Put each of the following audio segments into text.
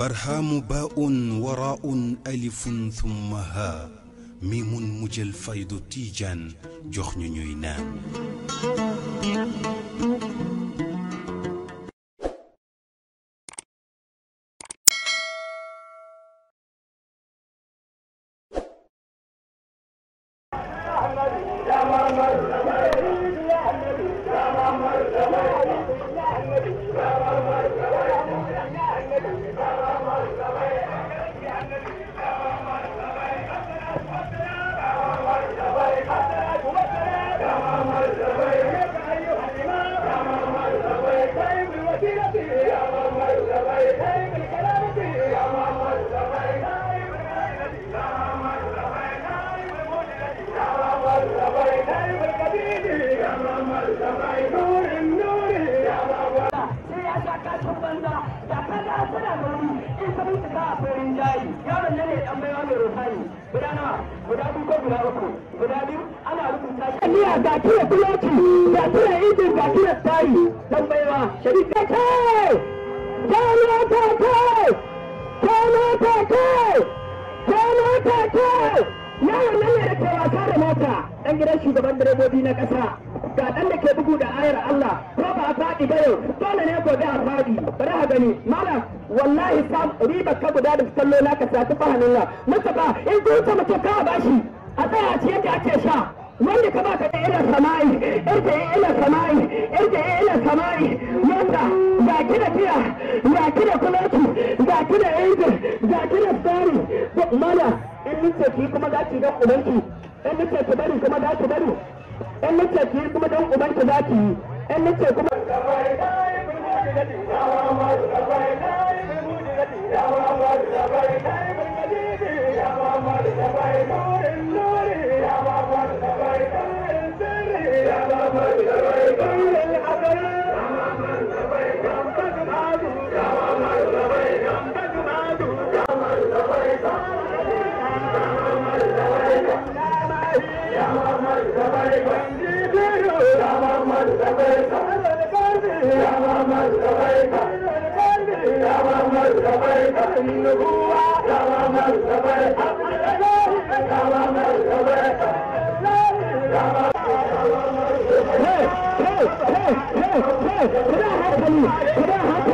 برهام باء وراء ألف ثم ها ميم مجل فيض تيجان جخن نينان يا محمد يا محمد يا محمد يا akwai rinjayi yaron nan ne dan baiwa mai rosani guda nawa guda biyu ko guda uku guda biyu ana rubuta shi miya ga kira filoci ga kira injin ga kira tsari dan baiwa sharika kai jalo ta kai jalo ta kai jalo ta kai yaron nan ne da ke wasa da mota dan gidan shugaban direbobi na kasa ga dan da ke bugu da ayar Allah ko ba faɗi ba yau dole ne gobe a faɗi bari a gani malam wallahi sam riba ka guda da kallo na ka sati fahimin nan mustapha in zuciya mace ka bashi a tsaya a yadda da ake sha wanda ka baka da ila sama'i irta yi ila sama'i irta yi ila sama'i wanda ga ki da tiya ga ki da kulatu ga ki da injin ga ki da tsari mana in nace ki kuma za ki ga ubanki in nace ki bari kuma za ki bari in nace ki kuma dan ubanki za ki yi in nace kuma Thank you. In the belli, can reverence oblig implore? Can reverence like a pox these nesannem I'i' have had the noises and flung maximum ofumaтовare Sila community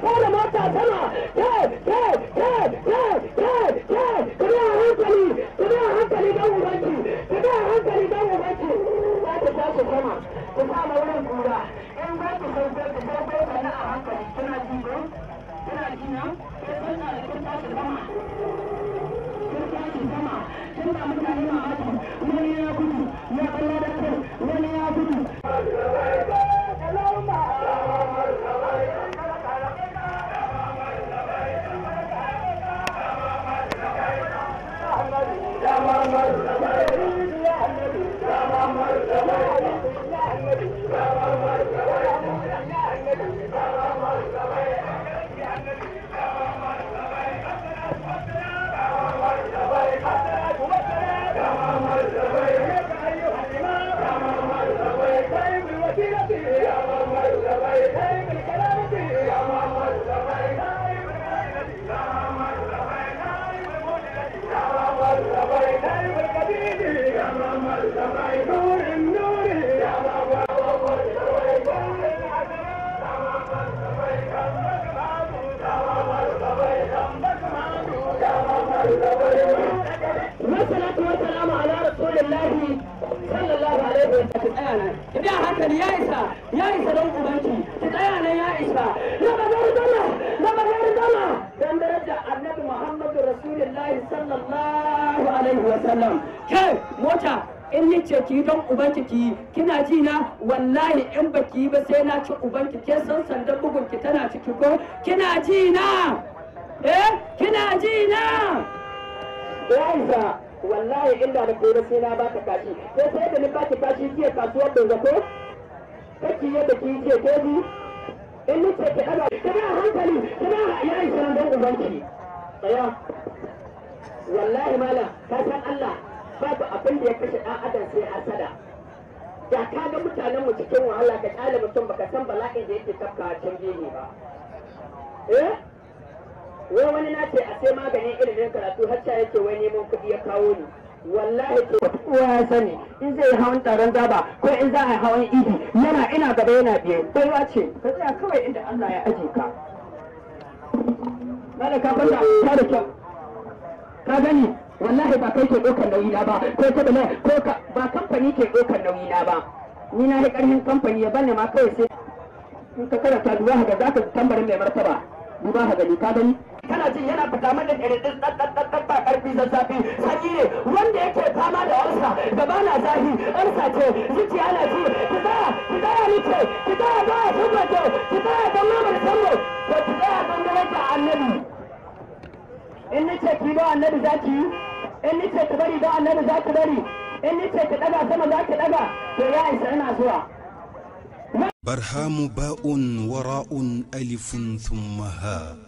kare mata tana ka da hankali ka da hankali dan ubanki ka da hankali ubanki za ta tashi sama ku kama wurin kura in za ku san ku ku na a hankali kina ji ko kina ji na ke san da kin tashi sama kin tashi sama kin ba mutane mamaki wani ya gudu ya kalla da kai wani ya gudu والصلاة والسلام على رسول الله صلى الله عليه وسلم أنا إذا هكذا يا إسا يا إسا دون أبنتي تتعانا يا إسا لما نرد الله لما نرد الله دم درجة النبي محمد رسول الله صلى الله عليه وسلم كيف موتا in ni ce ki don ubanki ki kina ji na wallahi in baki ba sai na ci ubanki ke san sandan bugun ki tana ciki ko kina ji na eh kina ji na Liza wallahi inda da gobe sai na baka kashi ko sai da ni baki kashi jiya kasuwar da zato kake yadda ki ce ko ni in ni ce ki daga kana hankali kana ya yi sanan dan ubanki tsaya wallahi mala ka san Allah babu abin da ya kashe ɗan adam sai hasada da ka ga mutanen mu cikin wahala ka kyale mutum baka san bala'in da yake tafka can gehe ba eh wai wani na ce a sai magani ne karatu har ya yake wai neman kuɗi ya kawo ni wallahi to uwa ya sani in zai hawan taron zaba ko in za a hawan idi yana ina gaba yana biye baiwa ce ka tsaya kawai inda Allah ya aje ka malaka fata ta da kyau ka gani wallahi ba kai ke ɗaukar nauyi na ba ko ta bala ko ka ba kamfani ke ɗaukar nauyi na ba ni na yi ƙarfin kamfani ya bani ma kawai sai in ka karanta duba haka za ka tambarin mai martaba duba haka ne ka gani kana jin yana fita mana ɗirɗin ɗaɗɗaɗɗaɗ ba ƙarfi zazzafi sanyi ne wanda yake fama da ulsa gaba na zafi ulsa ce zuciya na ci ki tsaya ni ce ki tsaya ba ce ki tsaya mamar sambo ko ki tsaya don annabi in ni ki don annabi za in ni ki bari don annabi za bari in ni ki ɗaga sama za ki to ya isa ina zuwa. برهام باء وراء ألف ثم هاء